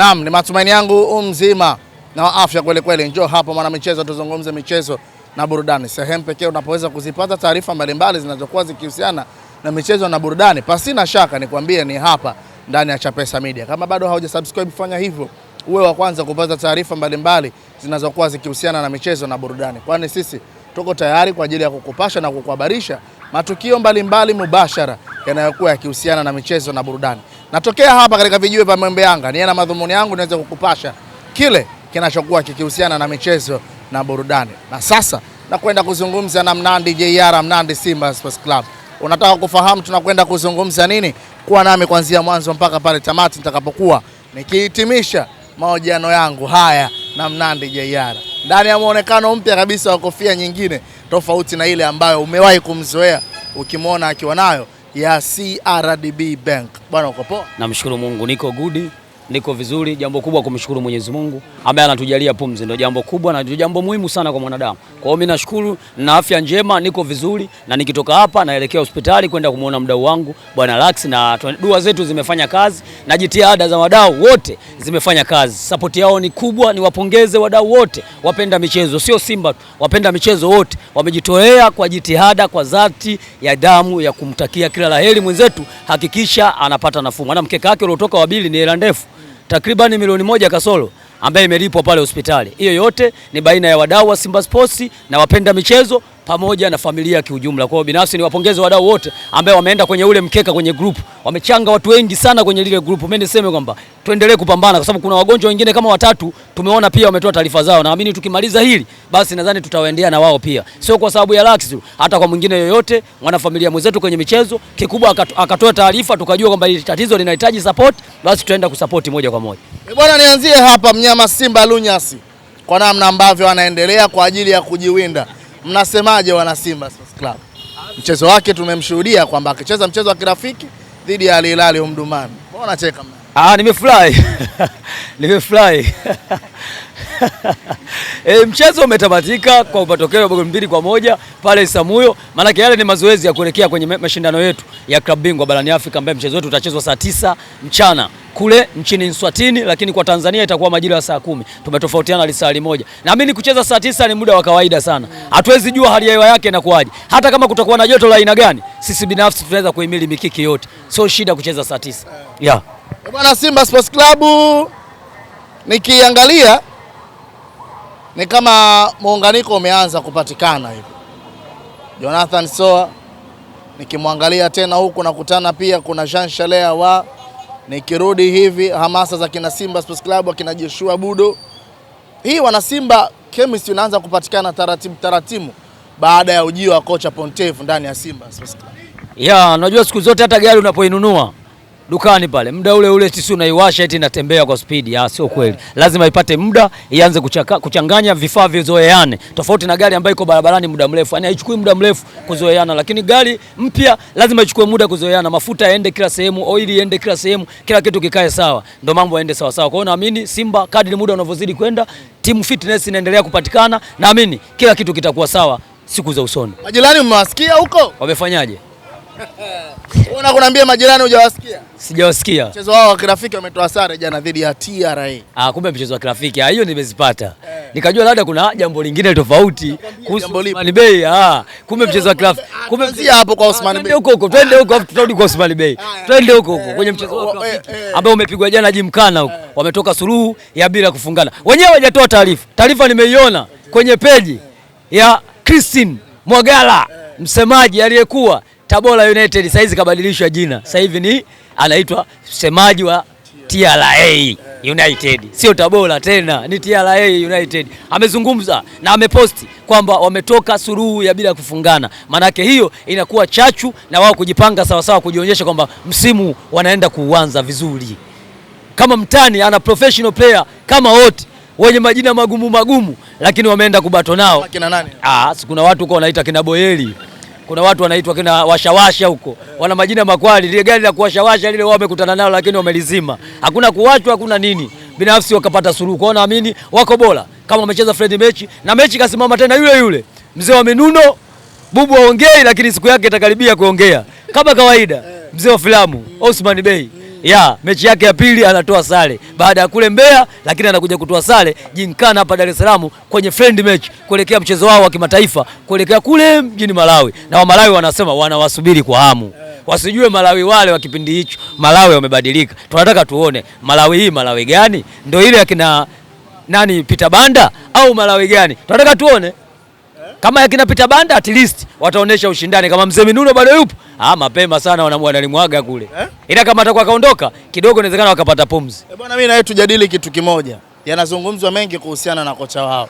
Naam, ni matumaini yangu mzima na afya kweli kweli. Njoo hapa mwana michezo, tuzungumze michezo na burudani, sehemu pekee unapoweza kuzipata taarifa mbalimbali zinazokuwa zikihusiana na michezo na burudani. Pasina shaka nikwambie, ni hapa ndani ya Chapesa Media. Kama bado subscribe, fanya hivyo uwe wa kwanza kupata taarifa mbalimbali zinazokuwa zikihusiana na michezo na burudani, kwani sisi tuko tayari kwa ajili ya kukupasha na kukuhabarisha matukio mbalimbali mbali mubashara yanayokuwa yakihusiana na michezo na burudani. Natokea hapa katika vijiwe vya Mwembe Yanga, niye na madhumuni yangu niweze kukupasha kile kinachokuwa kikihusiana na michezo na burudani. Na sasa nakwenda kuzungumza na Mnandi JR, Mnandi Simba Sports Club. Unataka kufahamu tunakwenda kuzungumza nini? Kuwa nami kuanzia mwanzo mpaka pale tamati nitakapokuwa nikihitimisha mahojiano yangu haya na Mnandi JR ndani ya muonekano mpya kabisa wa kofia nyingine tofauti na ile ambayo umewahi kumzoea ukimwona akiwa nayo ya CRDB Bank. Bwana uko poa? Namshukuru Mungu niko gudi niko vizuri. Jambo kubwa kumshukuru Mwenyezi Mungu ambaye anatujalia pumzi, ndio jambo kubwa na jambo muhimu sana kwa mwanadamu. Kwa hiyo mimi nashukuru na afya njema, niko vizuri, na nikitoka hapa naelekea hospitali kwenda kumwona mdau wangu bwana Lax, na dua zetu zimefanya kazi na jitihada za wadau wote zimefanya kazi. Sapoti yao ni kubwa, niwapongeze wadau wote, wapenda michezo, sio Simba, wapenda michezo wote wamejitolea kwa jitihada, kwa dhati ya damu ya kumtakia kila laheri mwenzetu, hakikisha anapata nafuu, maana mkeka wake uliotoka wabili ni hela ndefu takribani milioni moja kasoro ambayo imelipwa pale hospitali. Hiyo yote ni baina ya wadau wa Simba Sports na wapenda michezo pamoja na familia kiujumla. Kwa hiyo binafsi niwapongeze wadau wote ambao wameenda kwenye ule mkeka kwenye group. Wamechanga watu wengi sana kwenye lile group. Mimi niseme kwamba tuendelee kupambana kwa sababu kuna wagonjwa wengine kama watatu tumeona pia wametoa taarifa zao. Naamini tukimaliza hili basi nadhani tutawaendea na wao pia. Sio kwa sababu ya Lux, hata kwa mwingine yoyote, mwanafamilia mwenzetu kwenye michezo, kikubwa akatoa taarifa tukajua kwamba hili tatizo linahitaji support, basi tutaenda kusapoti moja kwa moja. E bwana, nianzie hapa mnyama Simba Lunyasi kwa namna ambavyo anaendelea kwa ajili ya kujiwinda Mnasemaje wana Simba Sports Club? Mchezo wake tumemshuhudia kwamba akicheza mchezo wa kirafiki dhidi ya Al Hilal Omdurman. Mbona unacheka Ah, nimefurahi. Nimefurahi. E, mchezo umetamatika kwa matokeo ya bao mbili kwa moja pale Samuyo. Maana yale ni mazoezi ya kuelekea kwenye mashindano yetu ya klabu bingwa barani Afrika ambayo mchezo wetu utachezwa saa tisa mchana kule nchini Nswatini, lakini kwa Tanzania itakuwa majira ya saa kumi. Tumetofautiana lisali moja, naamini kucheza saa tisa ni muda wa kawaida sana. Hatuwezi jua hali ya hewa yake inakuwaje, hata kama kutakuwa na joto la aina gani, sisi binafsi tunaweza kuhimili mikiki yote, sio shida kucheza saa tisa yeah. Bwana Simba Sports Club nikiangalia ni kama muunganiko umeanza kupatikana hivi. Jonathan Soa nikimwangalia tena huku nakutana pia kuna Jean Chalea wa nikirudi hivi hamasa za kina Simba Sports Club, akina Joshua Budo, hii wanasimba chemistry inaanza kupatikana taratibu taratibu baada ya ujio wa kocha Pontevu ndani ya Simba Sports Club. Ya, unajua siku zote hata gari unapoinunua dukani pale muda ule ule, sisi unaiwasha eti inatembea kwa spidi. Ah, sio kweli, lazima ipate muda ianze kuchaka, kuchanganya vifaa vizoeane, tofauti na gari ambayo iko barabarani muda mrefu, yani haichukui muda mrefu kuzoeana, lakini gari mpya lazima ichukue muda kuzoeana, mafuta yaende kila sehemu, oili iende kila sehemu, kila kitu kikae sawa, ndio mambo yaende sawa sawa. Kwa hiyo naamini Simba kadri muda unavyozidi kwenda, timu fitness inaendelea kupatikana, naamini kila kitu kitakuwa sawa siku za usoni. Majirani mmewasikia huko wamefanyaje? Unaona kunaambia majirani hujawasikia? Sijawasikia. Mchezo wao wa kirafiki wametoa sare jana dhidi ya TRA. Ah, kumbe mchezo wa kirafiki. Ah, hiyo nimezipata. Eh. Nikajua labda kuna jambo lingine tofauti kuhusu Osman Bey. Ah, kumbe mchezo wa kirafiki. Ah, kumbe mzia hapo kwa Osman Bey. Twende huko huko, twende huko afu tutarudi kwa Osman Bey. Twende huko huko eh, kwenye mchezo wa eh, kirafiki eh. ambao umepigwa jana jimkana huko. Wametoka suluhu ya bila kufungana. Wenyewe hawajatoa taarifa. Taarifa nimeiona kwenye peji ya Christine Mwagala, msemaji aliyekuwa Tabora United sasa hizi kabadilishwa jina, sasa hivi ni anaitwa msemaji wa TRA United, sio Tabora tena, ni TRA United. Amezungumza na ameposti kwamba wametoka suruhu ya bila kufungana, maanake hiyo inakuwa chachu na wao kujipanga sawasawa, kujionyesha kwamba msimu wanaenda kuuanza vizuri. Kama mtani ana professional player kama wote wenye majina magumu magumu, lakini wameenda kubato nao. Kina nani? Ah, kuna watu huko wanaita kina Boyeli kuna watu wanaitwa kina washawasha huko, wana majina makwali. Lile gari la kuwashawasha lile wao wamekutana nalo, lakini wamelizima. Hakuna kuwachwa, hakuna nini, binafsi wakapata suluhu kwao. Naamini wako bora kama wamecheza friendly mechi na mechi kasimama tena yule yule mzee wa minuno bubu aongei lakini siku yake itakaribia kuongea kama kawaida. Mzee wa filamu Osman Bey ya mechi yake ya pili anatoa sare baada ya kule Mbeya, lakini anakuja kutoa sare jinkana hapa Dar es Salaam kwenye friend match kuelekea mchezo wao wa kimataifa kuelekea kule mjini Malawi, na Wamalawi wanasema wanawasubiri kwa hamu wasijue Malawi wale wa kipindi hicho. Malawi wamebadilika, tunataka tuone Malawi hii Malawi gani? Ndio ile akina nani Peter Banda au Malawi gani? Tunataka tuone kama yakina Peter Banda at least wataonesha ushindani. Kama mzee Minuno bado yupo, ah, mapema sana wanalimwaga kule eh? Ila kama atakuwa kaondoka kidogo, inawezekana wakapata pumzi eh, bwana. Mimi na wewe tujadili kitu kimoja, yanazungumzwa mengi kuhusiana na kocha wao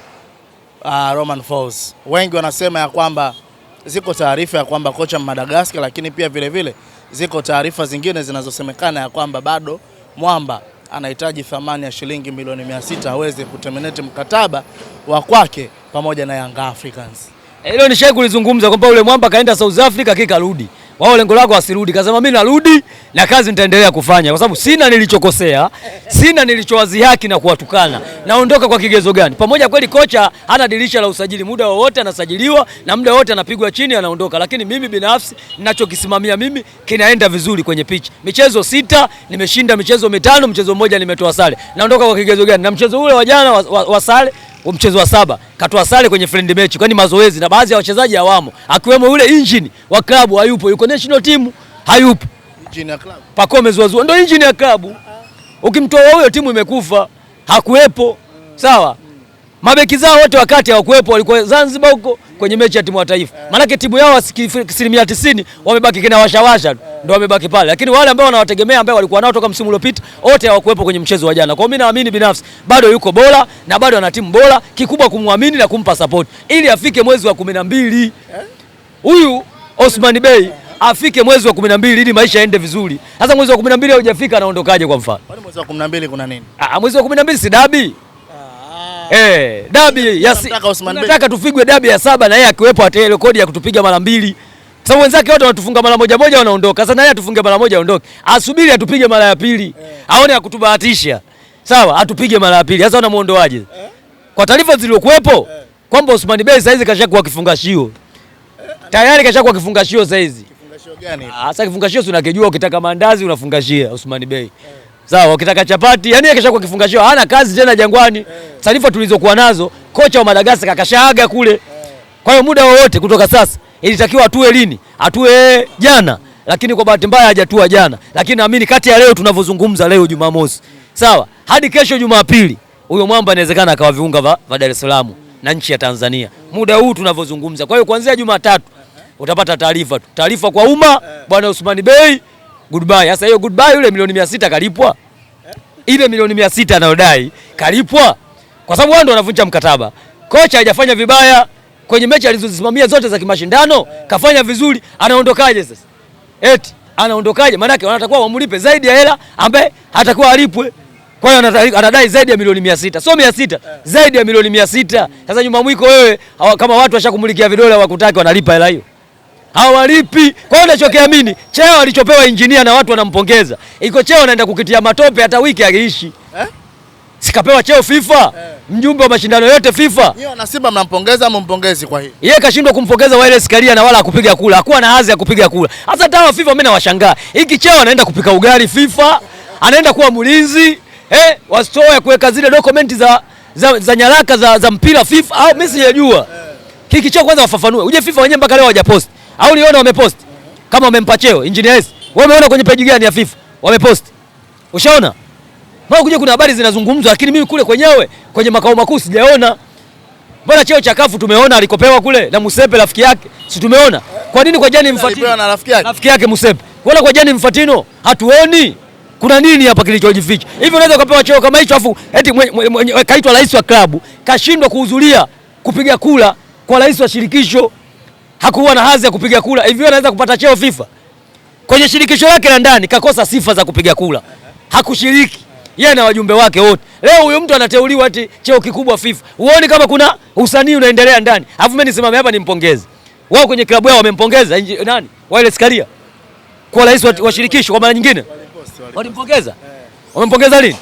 uh, ah, Romain Folz. Wengi wanasema ya kwamba ziko taarifa ya kwamba kocha Madagascar, lakini pia vilevile vile, ziko taarifa zingine zinazosemekana ya kwamba bado mwamba anahitaji thamani ya shilingi milioni mia sita aweze kutemeneti mkataba wa kwake pamoja na Young Africans. Eh, hilo nishai kulizungumza kwamba yule mwamba kaenda South Africa kikarudi. Wao lengo lako asirudi, kasema mimi narudi na kazi nitaendelea kufanya, kwa sababu sina nilichokosea, sina nilichowazi haki na kuwatukana, naondoka kwa kigezo gani? Pamoja kweli kocha hana dirisha la usajili, muda wowote anasajiliwa na muda wote anapigwa chini, anaondoka. Lakini mimi binafsi ninachokisimamia mimi kinaenda vizuri kwenye pitch. Michezo sita nimeshinda michezo mitano, mchezo mmoja nimetoa sare, naondoka kwa kigezo gani? Na mchezo ule wa jana wa, wa, wa sare mchezo wa saba katoa sare kwenye friend match, kwani mazoezi na baadhi ya wachezaji hawamo, akiwemo yule engine wa klabu hayupo, yuko national team hayupo. Engine ya klabu pako Zouzoua ndio engine ya klabu. Ukimtoa huyo timu imekufa, hakuwepo. Sawa mabeki zao wote wakati hawakuwepo, walikuwa Zanzibar huko kwenye mechi ya timu ya taifa. Eh. Maanake timu yao asilimia tisini wamebaki kina washawasha eh. ndio wamebaki pale, lakini wale ambao wanawategemea ambao walikuwa nao toka msimu uliopita wote hawakuwepo kwenye mchezo wa jana. Kwa hiyo mimi naamini binafsi bado yuko bora na bado ana timu bora, kikubwa kumwamini na kumpa support ili afike mwezi wa kumi na mbili eh? huyu Osman Bey afike mwezi wa 12 ili maisha yaende vizuri. Sasa mwezi wa 12 haujafika, anaondokaje? Kwa mfano mwezi wa 12 kuna nini? Ah, mwezi wa 12 si dabi eh, dabi ya si, nataka tupigwe dabi ya saba na yeye akiwepo atae rekodi ya kutupiga mara mbili kwa sababu wenzake wote wanatufunga mara moja moja wanaondoka. Sasa naye atufunge mara moja aondoke. Asubiri atupige mara ya pili. Eh. Aone akutubahatisha. Sawa, atupige mara ya pili. Sasa unamuondoaje? Eh. Kwa taarifa zilizokuwepo eh. kwamba Osman Bey saizi kashakuwa kifungashio. Eh. Tayari kashakuwa kifungashio saizi. Kifungashio gani? Ah, sasa kifungashio si unakijua, ukitaka mandazi unafungashia Osman Bey. Sawa, ukitaka chapati, yani kesha kwa kifungashio hana kazi tena Jangwani. Eh. Taarifa tulizokuwa nazo, kocha wa Madagascar kashaaga kule. Eh. Kwa hiyo muda wowote kutoka sasa ilitakiwa atue lini? Atue jana. Lakini kwa bahati mbaya hajatua jana. Lakini naamini kati ya leo tunavyozungumza leo Jumamosi. Sawa, hadi kesho Jumapili huyo mwamba inawezekana akawa viunga vya Dar es Salaam na nchi ya Tanzania. Muda huu tunavyozungumza. Kwa hiyo kuanzia Jumatatu utapata taarifa tu. Taarifa kwa umma, eh. Bwana Usmani Bey goodbye. Sasa hiyo goodbye, yule milioni mia sita kalipwa? Ile milioni mia sita anayodai kalipwa? Kwa sababu wao ndio wanavunja mkataba. Kocha hajafanya vibaya kwenye mechi alizozisimamia zote za kimashindano, kafanya vizuri, anaondokaje sasa? Eti anaondokaje? Maana yake wanatakuwa wamlipe zaidi ya hela ambaye hatakuwa alipwe. Kwa hiyo anadai zaidi ya milioni mia sita, sio mia sita, zaidi ya milioni mia sita. Sasa nyuma mwiko wewe, kama watu washakumlikia vidole, hawakutaki, wanalipa hela hiyo hawalipi. Kwa hiyo unachokiamini cheo alichopewa injinia na watu wanampongeza, iko cheo anaenda kukitia matope, hata wiki aliishi eh? Sikapewa cheo FIFA eh? Mjumbe wa mashindano yote FIFA. Yeye na Simba mnampongeza au mpongezi kwa hiyo Yeye kashindwa kumpongeza Wallace Karia na wala hakupiga kula. Hakuwa na hazi ya kupiga kula. Hasa tawa FIFA mimi nawashangaa. Hiki cheo anaenda kupika ugali FIFA, anaenda kuwa mlinzi, eh, wasitoe kuweka zile dokumenti za, za za, nyaraka za, za mpira FIFA au mimi sijajua. Eh. Hiki cheo kwanza wafafanue. Uje FIFA wenyewe mpaka leo hawajaposti. Au uliona wamepost kama wamempa cheo Engineer S? Wewe umeona kwenye page gani ya FIFA wamepost? Ushaona? Mbona kuja kuna habari zinazungumzwa lakini mimi kule kwenyewe kwenye makao makuu sijaona. Mbona cheo cha kafu tumeona alikopewa kule na Musepe rafiki yake? Si tumeona. Kwa nini kwa Gianni Infantino? Na rafiki yake. Rafiki yake Musepe. Wala kwa Jani Mfatino hatuoni. Kuna nini hapa kilichojificha? Hivi unaweza ukapewa cheo kama hicho afu eti kaitwa rais wa klabu, kashindwa kuhudhuria kupiga kula kwa rais wa shirikisho hakuwa na hadhi ya kupiga kura, hivi anaweza kupata cheo FIFA? Kwenye shirikisho lake la ndani kakosa sifa za kupiga kura, hakushiriki yeye na wajumbe wake wote. Leo huyo mtu anateuliwa ati cheo kikubwa FIFA, huoni kama kuna usanii unaendelea ndani? Alafu mimi nisimame hapa nimpongeze wao, kwenye klabu yao wamempongeza nani, Wallace Karia kwa rais wa shirikisho, kwa mara nyingine walimpongeza, wamempongeza lini?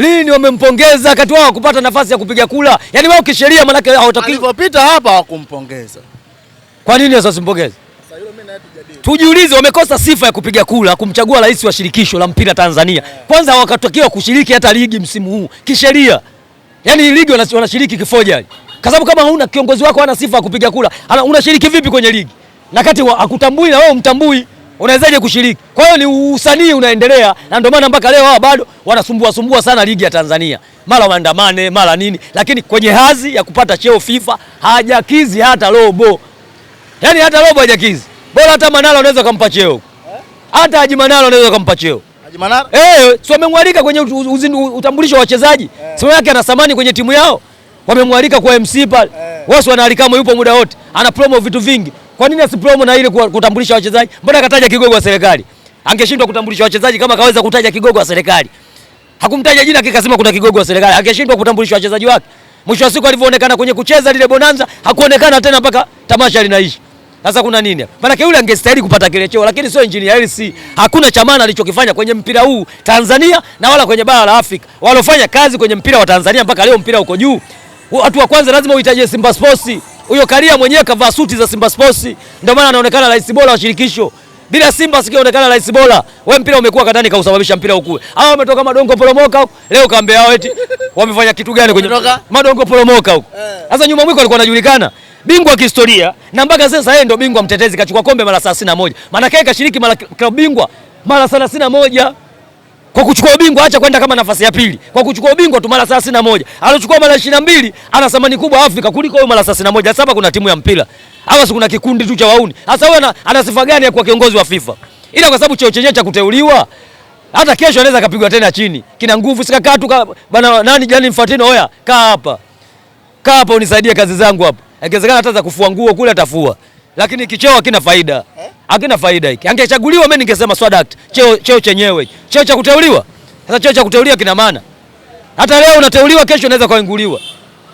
lini wamempongeza wakati wao kupata nafasi ya kupiga kula? Yaani wao kisheria, manake hawataki. Alipopita hapa hawakumpongeza. Kwa nini sasa simpongeze? Tujiulize, wamekosa sifa ya kupiga kula kumchagua rais wa shirikisho la mpira Tanzania. Kwanza hawakatakiwa kushiriki hata ligi msimu huu kisheria. Yaani ligi wanashiriki kifoja, kwa sababu kama huna kiongozi wako hana sifa ya kupiga kula, unashiriki vipi kwenye ligi na kati na wewe umtambui? unawezaje kushiriki? Kwa hiyo ni usanii unaendelea, na ndio maana mpaka leo hawa bado wanasumbua sumbua sana ligi ya Tanzania, mara waandamane mara nini, lakini kwenye hazi ya kupata cheo FIFA hajakizi hata robo, yani hata robo hajakizi. Bora hata Manara unaweza kumpa cheo, hata Haji Manara unaweza kumpa cheo Haji eh, si wamemwalika kwenye utambulisho wa wachezaji eh, Sio yake ana thamani kwenye timu yao, wamemwalika kwa MC pale eh, Wasi wanaalikamo, yupo muda wote, ana promo vitu vingi kwa nini asipromo na ile kutambulisha wachezaji? Mbona akataja kigogo wa serikali? Angeshindwa kutambulisha wachezaji kama kaweza kutaja kigogo wa serikali. Hakumtaja jina kikasema kuna kigogo wa serikali. Angeshindwa kutambulisha wachezaji wake. Mwisho wa siku alivyoonekana kwenye kucheza lile bonanza, hakuonekana tena mpaka tamasha linaisha. Sasa kuna nini? Maana yule angestahili kupata kile cheo, lakini sio injinia LC. Hakuna chamana alichokifanya kwenye mpira huu Tanzania na wala kwenye bara la Afrika. Walofanya kazi kwenye mpira wa Tanzania mpaka leo mpira uko juu. Watu wa kwanza lazima uhitaje Simba Sports. Huyo Karia mwenyewe kavaa suti za Simba Sports, ndio maana anaonekana rais bora wa shirikisho. Bila Simba asingionekana rais bora. Wewe mpira umekuwa kadani kausababisha mpira ukue. Hao wametoka madongo poromoka leo kaambia wao eti wamefanya kitu gani kwenye madongo poromoka huko. Eh. Sasa nyuma mwiko alikuwa anajulikana bingwa kihistoria na mpaka sasa yeye ndio bingwa mtetezi kachukua kombe mara 31. Maana yake kashiriki mara bingwa mara 31 kwa kuchukua ubingwa acha kwenda kama nafasi ya pili, kwa kuchukua ubingwa tu mara thelathini na moja alichukua mara ishirini na mbili ana thamani kubwa Afrika kuliko yule mara thelathini na moja Sasa kuna timu ya mpira hapa, si kuna kikundi tu cha wauni. Sasa wewe ana sifa gani ya kuwa kiongozi wa FIFA? Ila kwa sababu cheo chenyewe cha kuteuliwa, hata kesho anaweza kapigwa tena chini. Kina nguvu sikakaa tu bana nani jani Mfatino, oya kaa hapa, kaa hapa unisaidie kazi zangu hapa, ikiwezekana hata za kufua nguo kule atafua lakini kicheo hakina faida, eh? hakina eh? faida hiki. Angechaguliwa mimi ningesema swadact cheo cheo chenyewe cheo cha kuteuliwa. Sasa cheo cha kuteuliwa kina maana, hata leo unateuliwa, kesho unaweza kainguliwa,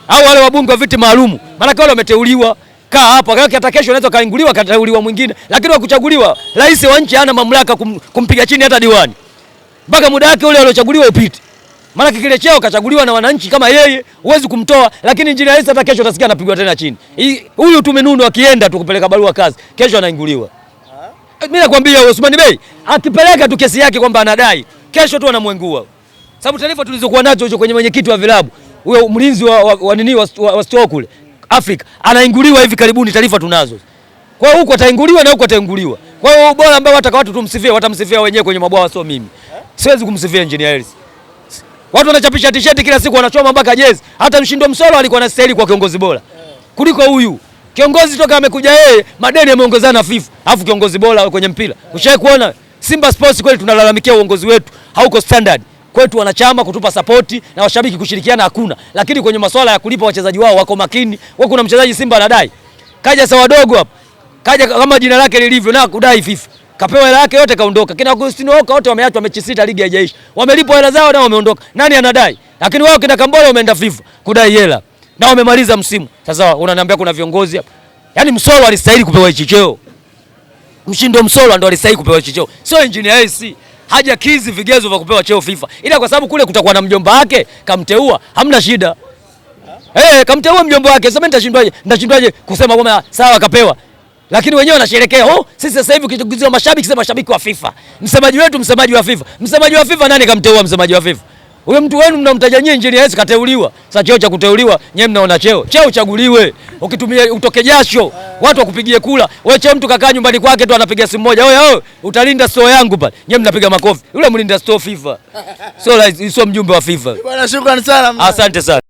au wale wabunge wa viti maalum, maana kwa wale wameteuliwa kaa hapo, hata kesho unaweza kainguliwa, kateuliwa mwingine. Lakini wa kuchaguliwa rais wa nchi hana mamlaka kum, kumpiga chini hata diwani mpaka muda wake ule aliochaguliwa upite. Maana kile cheo kachaguliwa na wananchi kama yeye, huwezi kumtoa, lakini injinia Isa hata kesho utasikia anapigwa tena chini. Huyu tumenundu akienda tu kupeleka barua kazi, kesho anainguliwa. Mimi nakwambia Osman Bey akipeleka tu kesi yake kwamba anadai, kesho tu anamwengua. Sababu taarifa tulizokuwa nazo hizo kwenye mwenyekiti wa vilabu, huyo mlinzi wa, wa, wa nini wa, wa, wa stoa kule Afrika anainguliwa hivi karibuni, taarifa tunazo. Kwa hiyo huko atainguliwa na huko atainguliwa. Kwa hiyo bora ambao wataka watu tumsifie, watamsifia wenyewe kwenye mabwawa, sio mimi. Siwezi kumsifia engineer Hersi. Watu wanachapisha tisheti kila siku wanachoma mpaka jezi. Hata mshindi wa Msolo alikuwa staili kwa kiongozi bora kuliko huyu. Kiongozi toka amekuja yeye, madeni yameongezana FIFA. Alafu kiongozi bora kwenye mpira. Ushawahi kuona Simba Sports kweli tunalalamikia uongozi wetu hauko standard. Kwetu wanachama kutupa sapoti na washabiki kushirikiana hakuna. Lakini kwenye masuala ya kulipa wachezaji wao wako makini. Wako kuna mchezaji Simba anadai. Kaja sawa dogo hapa. Kaja kama jina lake lilivyo na kudai FIFA kapewa hela yake yote kaondoka. Kina Agustino Oka wote wameachwa mechi sita, ligi haijaisha, wamelipwa hela zao na wameondoka. Nani anadai? Lakini wao kina Kambole wameenda FIFA kudai hela na wamemaliza msimu. Sasa unaniambia kuna viongozi hapa? Yaani Msolo alistahili kupewa hicho cheo, mshindo Msolo ndo alistahili kupewa hicho cheo, sio engineer AC hajakidhi vigezo vya kupewa cheo FIFA, ila kwa sababu kule kutakuwa na mjomba wake kamteua, hamna shida. Eh, hey, kamteua mjomba wake. Sasa mimi nitashindwaje? Nitashindwaje kusema kwamba sawa kapewa? lakini wenyewe wanasherekea oh, sisi sasa hivi ukichukizia mashabiki sema mashabiki wa FIFA, msemaji wetu, msemaji wa FIFA, msemaji wa FIFA. Nani kamteua msemaji wa FIFA? Huyo mtu wenu mnamtaja nyinyi, injili Yesu kateuliwa. Sasa cheo cha kuteuliwa nyinyi mnaona cheo cheo, chaguliwe. ukitumia utoke jasho, watu wakupigie kula. Wewe cheo mtu kakaa nyumbani kwake tu anapiga simu moja, wewe wewe utalinda store yangu pale, Nyinyi mnapiga makofi. Yule mlinda store FIFA sio sio mjumbe wa FIFA bwana. Shukrani sana, asante sana.